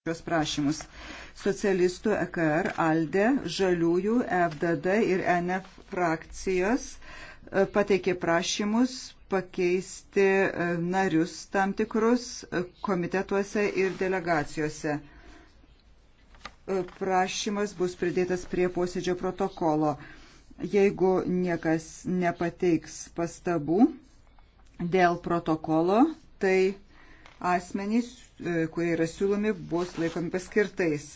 šios prašymus. Socialistų EKR, ALDE, Žaliųjų, FDD ir NF frakcijos e, pateikė prašymus pakeisti e, narius tam tikrus e, komitetuose ir delegacijose. Prašymas bus pridėtas prie posėdžio protokolo. Jeigu niekas nepateiks pastabų dėl protokolo, tai asmenys, e, kurie yra siūlomi, bus laikomi paskirtais.